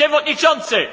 Przewodniczący!